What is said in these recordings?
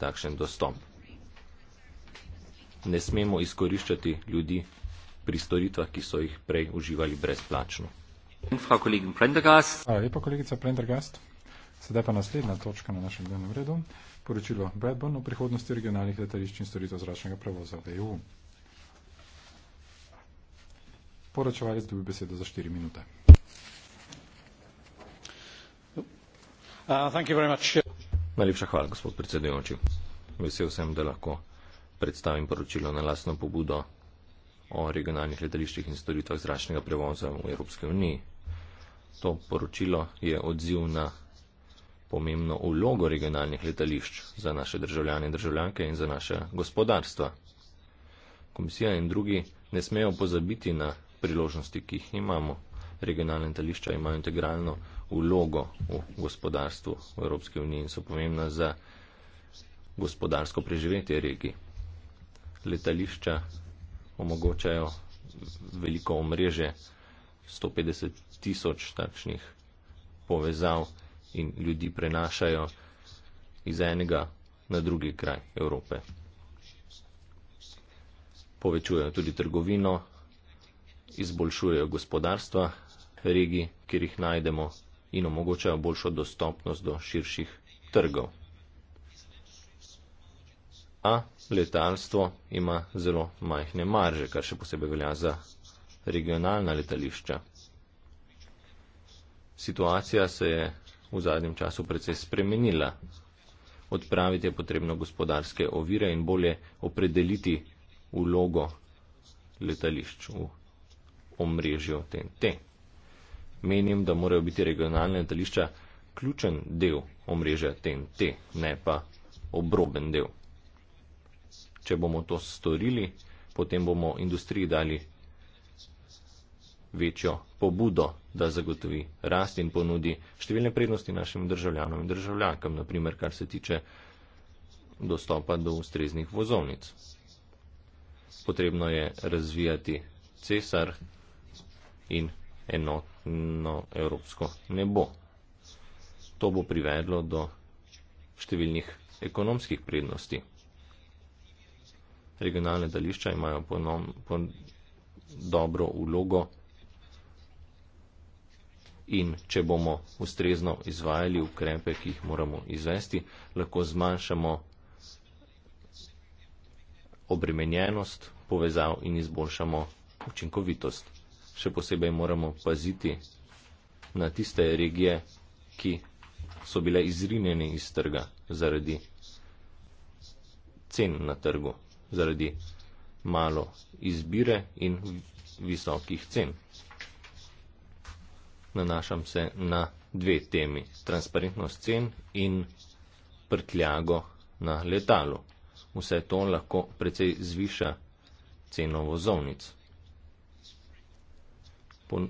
takšen dostop. Ne smemo izkoriščati ljudi pri storitvah, ki so jih prej uživali brezplačno. Hvala lepa, kolegica Prendergast. Sedaj pa naslednja točka na našem dnevnem redu. Poročilo Bradburn o prihodnosti regionalnih letališč in storitev zračnega prevoza v EU. Poročevalec dobi besedo za 4 minute. Uh, thank you very much. Najlepša hvala, gospod predsedujoči. Vesel sem, da lahko predstavim poročilo na lasno pobudo o regionalnih letališčih in storitvah zračnega prevoza v Evropske uniji. To poročilo je odziv na pomembno vlogo regionalnih letališč za naše državljane in državljanke in za naše gospodarstva. Komisija in drugi ne smejo pozabiti na priložnosti, ki jih imamo regionalne letališča imajo integralno vlogo v gospodarstvu v Evropski uniji in so pomembna za gospodarsko preživetje regij. Letališča omogočajo veliko omrežje, 150 tisoč takšnih povezav in ljudi prenašajo iz enega na drugi kraj Evrope. Povečujejo tudi trgovino, izboljšujejo gospodarstva, regij, kjer jih najdemo in omogočajo boljšo dostopnost do širših trgov. A letalstvo ima zelo majhne marže, kar še posebej velja za regionalna letališča. Situacija se je v zadnjem času precej spremenila. Odpraviti je potrebno gospodarske ovire in bolje opredeliti vlogo letališč v omrežju TNT menim, da morajo biti regionalne letališča ključen del omrežja TNT, ne pa obroben del. Če bomo to storili, potem bomo industriji dali večjo pobudo, da zagotovi rast in ponudi številne prednosti našim državljanom in državljankam, naprimer kar se tiče dostopa do ustreznih vozovnic. Potrebno je razvijati cesar in enotno evropsko nebo. To bo privedlo do številnih ekonomskih prednosti. Regionalne dališča imajo ponom, pon, dobro ulogo in če bomo ustrezno izvajali ukrepe, ki jih moramo izvesti, lahko zmanjšamo obremenjenost povezav in izboljšamo učinkovitost še posebej moramo paziti na tiste regije, ki so bile izrinjene iz trga zaradi cen na trgu, zaradi malo izbire in visokih cen. Nanašam se na dve temi, transparentnost cen in prtljago na letalu. Vse to lahko precej zviša ceno vozovnic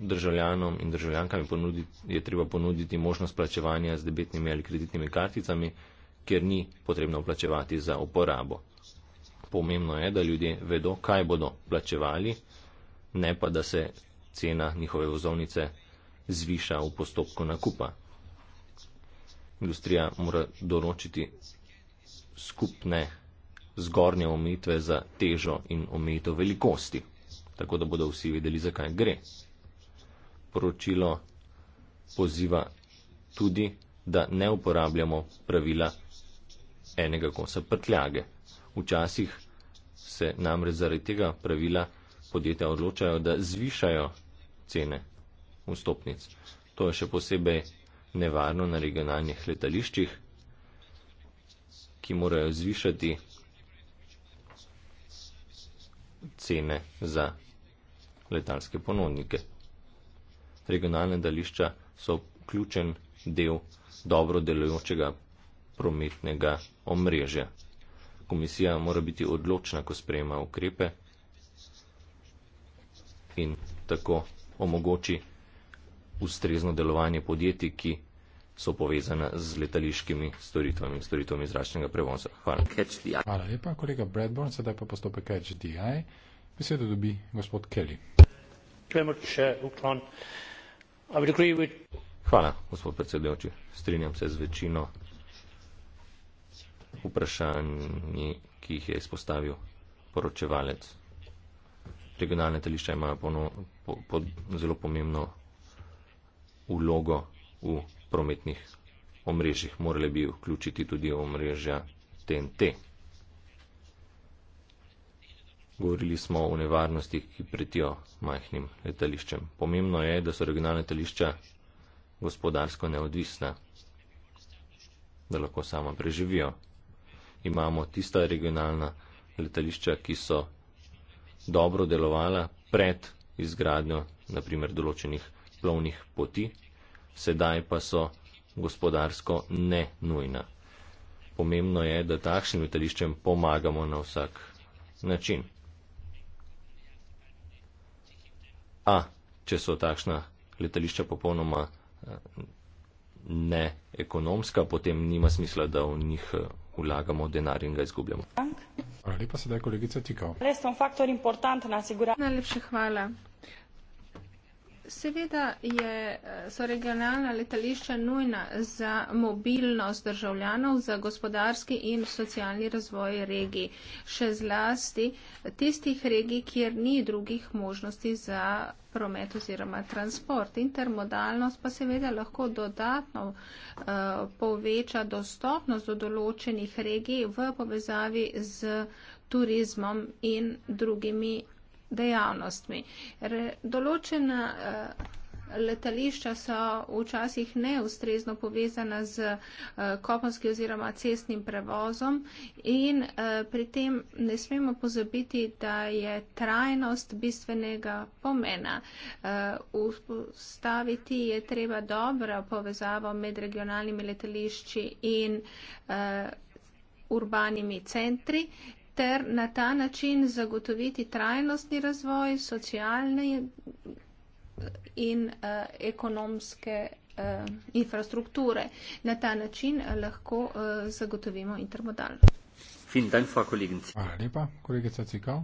državljanom in državljankam je treba ponuditi možnost plačevanja z debetnimi ali kreditnimi karticami, kjer ni potrebno plačevati za uporabo. Pomembno je, da ljudje vedo, kaj bodo plačevali, ne pa, da se cena njihove vozovnice zviša v postopku nakupa. Industrija mora določiti skupne zgornje omejitve za težo in omejitev velikosti, tako da bodo vsi vedeli, zakaj gre poročilo poziva tudi, da ne uporabljamo pravila enega kosa prtljage. Včasih se namreč zaradi tega pravila podjetja odločajo, da zvišajo cene vstopnic. To je še posebej nevarno na regionalnih letališčih, ki morajo zvišati cene za letalske ponovnike regionalne dališča so ključen del dobro delujočega prometnega omrežja. Komisija mora biti odločna, ko sprejema ukrepe in tako omogoči ustrezno delovanje podjetij, ki so povezane z letališkimi storitvami, storitvami zračnega prevoza. Hvala. Hvala lepa, kolega Bradburn. Sedaj pa postopek HDI. Besedo dobi gospod Kelly. Klemoče, uklon. Hvala, gospod predsedujoči. Strinjam se z večino vprašanj, ki jih je izpostavil poročevalec. Regionalne telišča imajo po, po, zelo pomembno ulogo v prometnih omrežjih. Morali bi vključiti tudi omrežja TNT. Govorili smo o nevarnostih, ki pretijo majhnim letališčem. Pomembno je, da so regionalne letališča gospodarsko neodvisna, da lahko sama preživijo. Imamo tista regionalna letališča, ki so dobro delovala pred izgradnjo naprimer določenih plovnih poti, sedaj pa so gospodarsko ne nujna. Pomembno je, da takšnim letališčem pomagamo na vsak način. A, če so takšna letališča popolnoma eh, neekonomska, potem nima smisla, da v njih eh, vlagamo denar in ga izgubljamo. Hvala lepa, sedaj kolegica Tikal. Res je faktor importantna, sigurno. Najlepša hvala seveda je, so regionalna letališča nujna za mobilnost državljanov, za gospodarski in socialni razvoj regij, še zlasti tistih regij, kjer ni drugih možnosti za promet oziroma transport. Intermodalnost pa seveda lahko dodatno uh, poveča dostopnost do določenih regij v povezavi z turizmom in drugimi dejavnostmi. Re, določena uh, letališča so včasih neustrezno povezana z uh, eh, kopenskim oziroma cestnim prevozom in uh, pri tem ne smemo pozabiti, da je trajnost bistvenega pomena. Uh, ustaviti je treba dobro povezavo med regionalnimi letališči in uh, urbanimi centri ter na ta način zagotoviti trajnostni razvoj, socialne in uh, ekonomske uh, infrastrukture. Na ta način eh, lahko uh, zagotovimo intermodalnost. Hvala lepa, kolegica Cikal.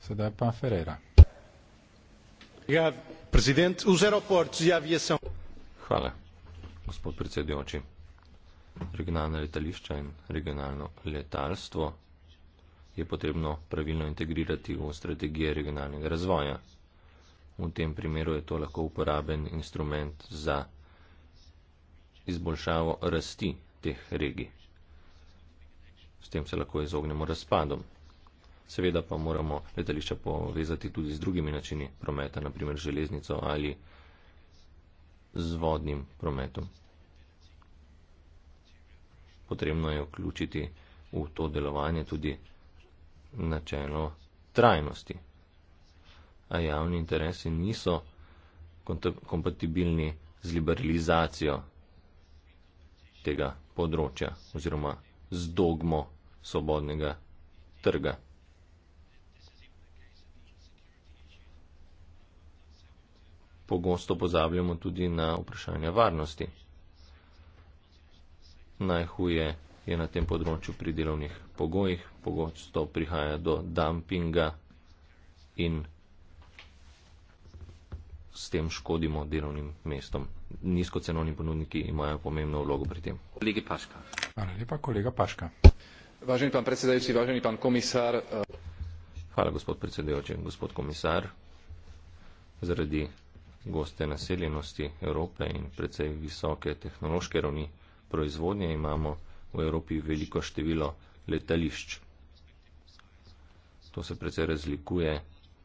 Sedaj pa Ferreira. Ja, e Hvala, gospod predsedujoči. Regionalna letališča in regionalno letalstvo je potrebno pravilno integrirati v strategije regionalnega razvoja. V tem primeru je to lahko uporaben instrument za izboljšavo rasti teh regij. S tem se lahko izognemo razpadom. Seveda pa moramo letališča povezati tudi z drugimi načini prometa, naprimer železnico ali z vodnim prometom. Potrebno je vključiti v to delovanje tudi načelo trajnosti. A javni interesi niso kompatibilni z liberalizacijo tega področja oziroma z dogmo svobodnega trga. Pogosto pozabljamo tudi na vprašanje varnosti. Najhuje je na tem področju pri delovnih pogojih, pogosto prihaja do dumpinga in s tem škodimo delovnim mestom. Nizkocenovni ponudniki imajo pomembno vlogo pri tem. Kolega Paška. Hvala lepa, kolega Paška. Važeni pan predsedajoči, važeni pan komisar. Eh, Hvala, gospod predsedajoči, gospod komisar. Zaradi goste naseljenosti Evrope in precej visoke tehnološke ravni proizvodnje imamo v Evropi veliko število letališč. To se precej razlikuje,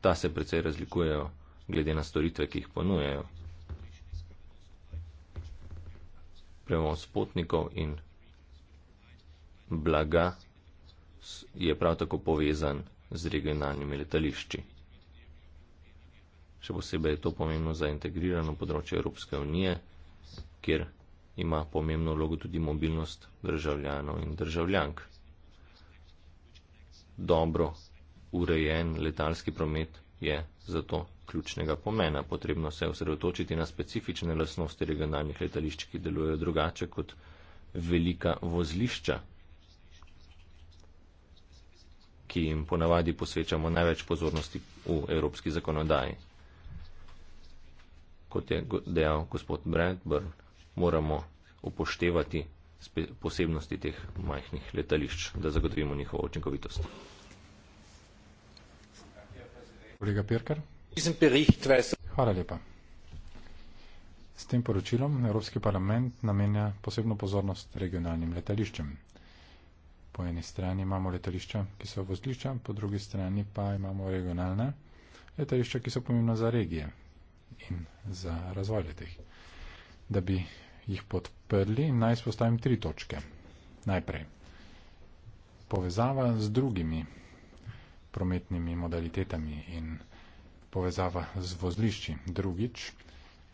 ta se precej razlikujejo glede na storitve, ki jih ponujejo. Prevoz potnikov in blaga je prav tako povezan z regionalnimi letališči. Še posebej je to pomembno za integrirano področje Evropske unije, kjer ima pomembno vlogo tudi mobilnost državljanov in državljank. Dobro urejen letalski promet je zato ključnega pomena. Potrebno se osredotočiti na specifične lasnosti regionalnih letališč, ki delujejo drugače kot velika vozlišča, ki jim ponavadi posvečamo največ pozornosti v evropski zakonodaji. Kot je dejal gospod Bradburn, moramo upoštevati posebnosti teh majhnih letališč, da zagotovimo njihovo učinkovitost. Kolega Pirkar. Hvala lepa. S tem poročilom Evropski parlament namenja posebno pozornost regionalnim letališčem. Po eni strani imamo letališča, ki so vozlišča, po drugi strani pa imamo regionalna letališča, ki so pomembna za regije in za razvoj letih. Da bi jih podprli in naj spostavim tri točke. Najprej, povezava z drugimi prometnimi modalitetami in povezava z vozlišči. Drugič,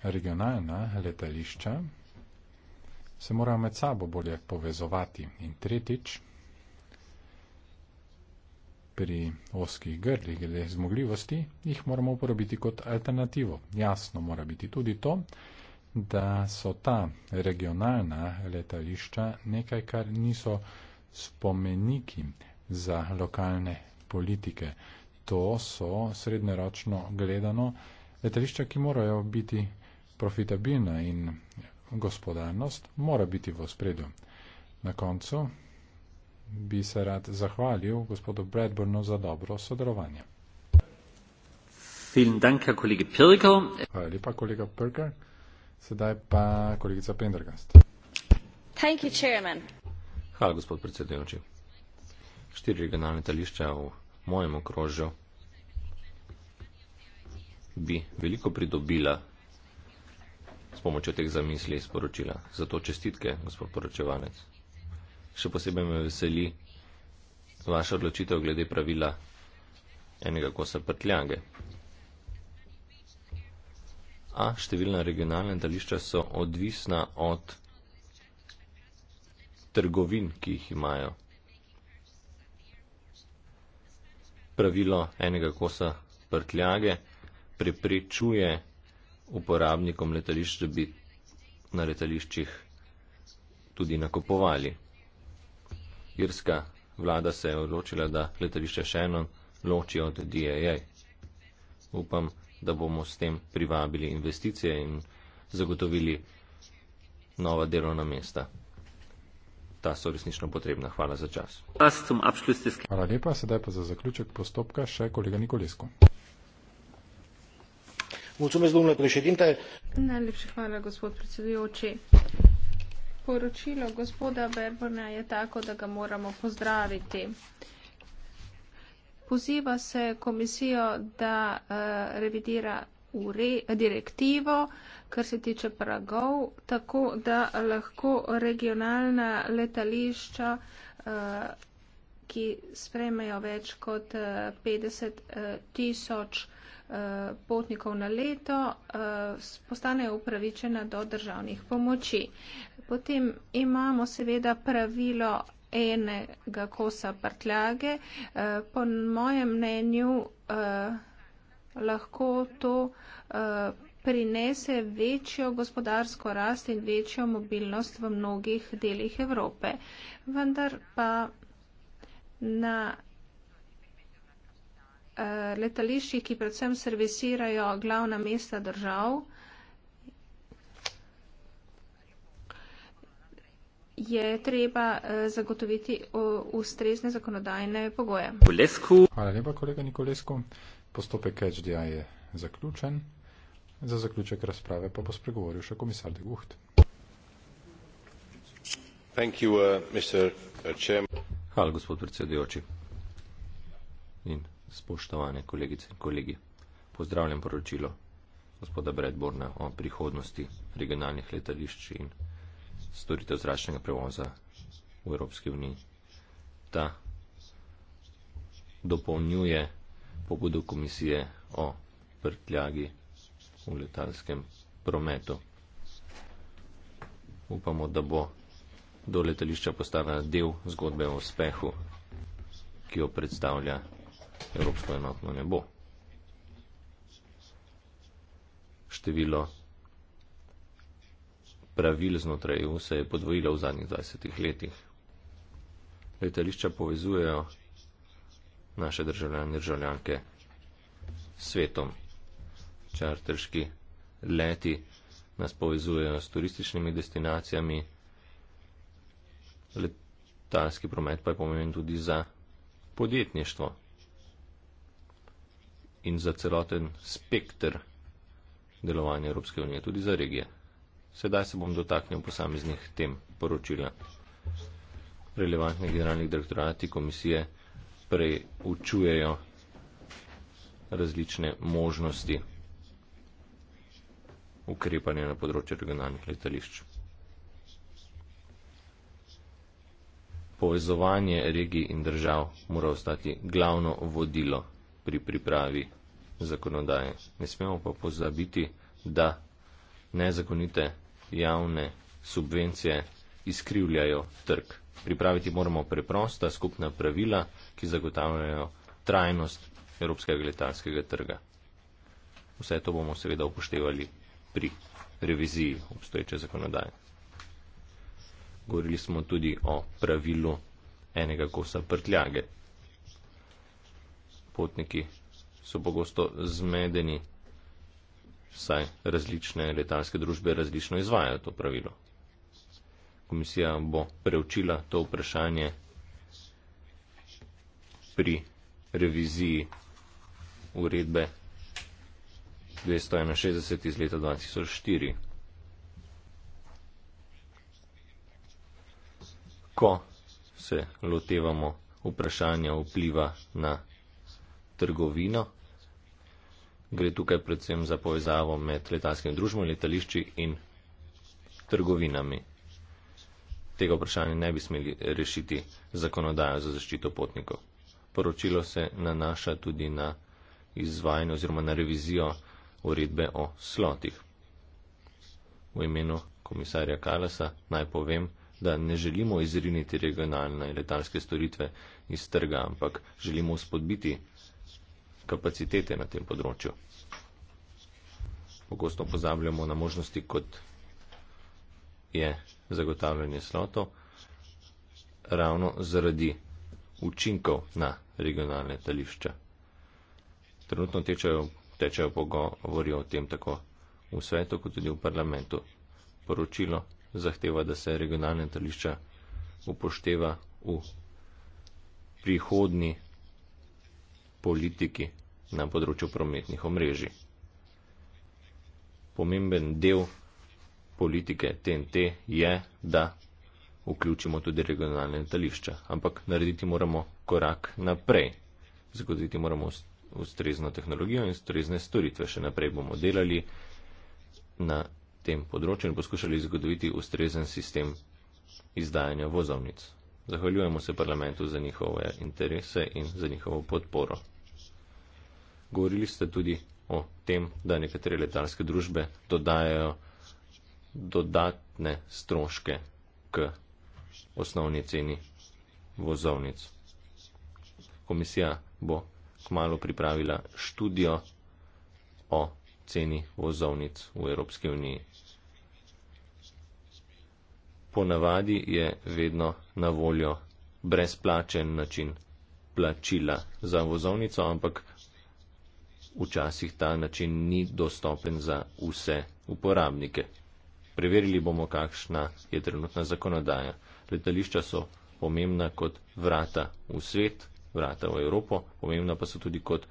regionalna letališča se morajo med sabo bolje povezovati. In tretjič, pri oskih grlih glede zmogljivosti jih moramo uporabiti kot alternativo. Jasno mora biti tudi to, da da so ta regionalna letališča nekaj, kar niso spomeniki za lokalne politike. To so srednjeročno gledano letališča, ki morajo biti profitabilna in gospodarnost mora biti v spredju. Na koncu bi se rad zahvalil gospodu Bradburnu za dobro sodelovanje. Vielen Dank, Herr Kollege Pirkel. Hvala lepa, kolega Pirkel. Sedaj pa kolegica Pendergast. Hvala, gospod predsedujoči. Štiri regionalne tališča v mojem okrožju bi veliko pridobila s pomočjo teh zamisli in sporočila. Zato čestitke, gospod poročevalec. Še posebej me veseli vaša odločitev glede pravila enega kosa prtljage a številna regionalna letališča so odvisna od trgovin, ki jih imajo. Pravilo enega kosa prtljage preprečuje uporabnikom letališč, da bi na letališčih tudi nakupovali. Irska vlada se je odločila, da letališče še eno loči od DAA. Upam, da da bomo s tem privabili investicije in zagotovili nova delovna mesta. Ta so resnično potrebna. Hvala za čas. Hvala lepa. Sedaj pa za zaključek postopka še kolega Nikolesko. Najlepša hvala, gospod predsedujoči. Poročilo gospoda Berbona je tako, da ga moramo pozdraviti. Uh, poziva se komisijo, da uh, revidira ure, direktivo, kar se tiče pragov, tako da lahko regionalna letališča, uh, ki spremejo več kot 50 eh, tisoč uh, potnikov na leto, uh, postanejo upravičena do državnih pomoči. Potem imamo seveda pravilo enega kosa prtljage. Eh, po mojem mnenju eh, lahko to eh, prinese večjo gospodarsko rast in večjo mobilnost v mnogih delih Evrope. Vendar pa na letališčih, ki predvsem servisirajo glavna mesta držav, je treba eh, zagotoviti ustrezne zakonodajne pogoje. Nikolesku. Hvala lepa, kolega Nikolesko. Postopek HDI je zaključen. Za zaključek razprave pa bo spregovoril še komisar De Gucht. Thank you, uh, uh Hvala, gospod predsedujoči. In spoštovane kolegice in kolegi, pozdravljam poročilo gospoda Bredborna o prihodnosti regionalnih letališč in storitev zračnega prevoza v Evropski uniji. Ta dopolnjuje pobudo komisije o prtljagi v letalskem prometu. Upamo, da bo do letališča postavljena del zgodbe o uspehu, ki jo predstavlja Evropsko enotno nebo. Število pravil znotraj EU se je podvojila v zadnjih 20 letih. Letališča povezujejo naše državljane in državljanke s svetom. Čarterški leti nas povezujejo s turističnimi destinacijami, letalski promet pa je pomemben tudi za podjetništvo in za celoten spektr delovanja Evropske unije, tudi za regije. Sedaj se bom dotaknil posameznih tem poročila. Relevantni generalni direktorati komisije preučujejo različne možnosti ukrepanja na področju regionalnih letališč. Povezovanje regij in držav mora ostati glavno vodilo pri pripravi zakonodaje. Ne smemo pa pozabiti, da nezakonite javne subvencije izkrivljajo trg. Pripraviti moramo preprosta skupna pravila, ki zagotavljajo trajnost evropskega letalskega trga. Vse to bomo seveda upoštevali pri reviziji obstoječe zakonodaje. Govorili smo tudi o pravilu enega kosa prtljage. Potniki so pogosto zmedeni saj različne letalske družbe različno izvajajo to pravilo. Komisija bo preučila to vprašanje pri reviziji uredbe 261 iz leta 2004. Ko se lotevamo vprašanja vpliva na trgovino, gre tukaj predvsem za povezavo med letalskim družbom, letališči in trgovinami. Tega vprašanja ne bi smeli rešiti zakonodajo za zaščito potnikov. Poročilo se nanaša tudi na izvajanje oziroma na revizijo uredbe o slotih. V imenu komisarja Kalasa naj povem, da ne želimo izriniti regionalne letalske storitve iz trga, ampak želimo spodbiti kapacitete na tem področju. Pogosto pozabljamo na možnosti, kot je zagotavljanje sloto, ravno zaradi učinkov na regionalne tališča. Trenutno tečajo, tečajo pogovori o tem tako v svetu, kot tudi v parlamentu. Poročilo zahteva, da se regionalne tališča upošteva v prihodni politiki na področju prometnih omrežij. Pomemben del politike TNT je, da vključimo tudi regionalne letališča, ampak narediti moramo korak naprej. Zagotoviti moramo ustrezno tehnologijo in ustrezne storitve. Še naprej bomo delali na tem področju in poskušali zagotoviti ustrezen sistem izdajanja vozovnic. Zahvaljujemo se parlamentu za njihove interese in za njihovo podporo govorili ste tudi o tem, da nekatere letalske družbe dodajajo dodatne stroške k osnovni ceni vozovnic. Komisija bo kmalo pripravila študijo o ceni vozovnic v Evropski uniji. Ponavadi je vedno na voljo brezplačen način plačila za vozovnico, ampak včasih ta način ni dostopen za vse uporabnike. Preverili bomo, kakšna je trenutna zakonodaja. Letališča so pomembna kot vrata v svet, vrata v Evropo, pomembna pa so tudi kot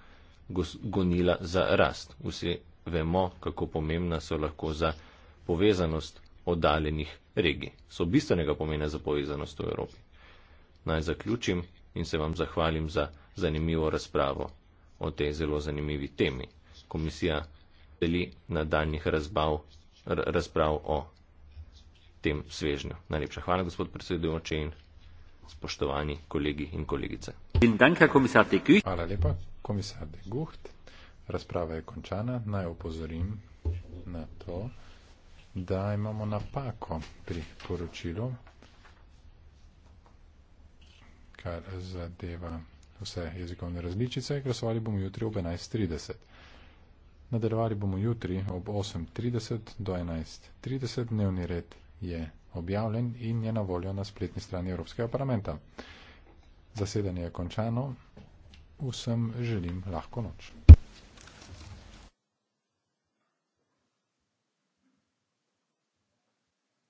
gonila za rast. Vsi vemo, kako pomembna so lahko za povezanost oddaljenih regij. So bistvenega pomena za povezanost v Evropi. Naj zaključim in se vam zahvalim za zanimivo razpravo o tej zelo zanimivi temi. Komisija deli nadaljnih razbav, razprav o tem svežnju. Najlepša hvala, gospod predsedujoči in spoštovani kolegi in kolegice. Hvala lepa, komisar De Gucht. Razprava je končana. Naj opozorim na to, da imamo napako pri poročilu, kar zadeva vse jezikovne različice, glasovali bomo jutri ob 11.30. Nadaljevali bomo jutri ob 8.30 do 11.30. Dnevni red je objavljen in je na voljo na spletni strani Evropskega parlamenta. Zasedanje je končano. Vsem želim lahko noč.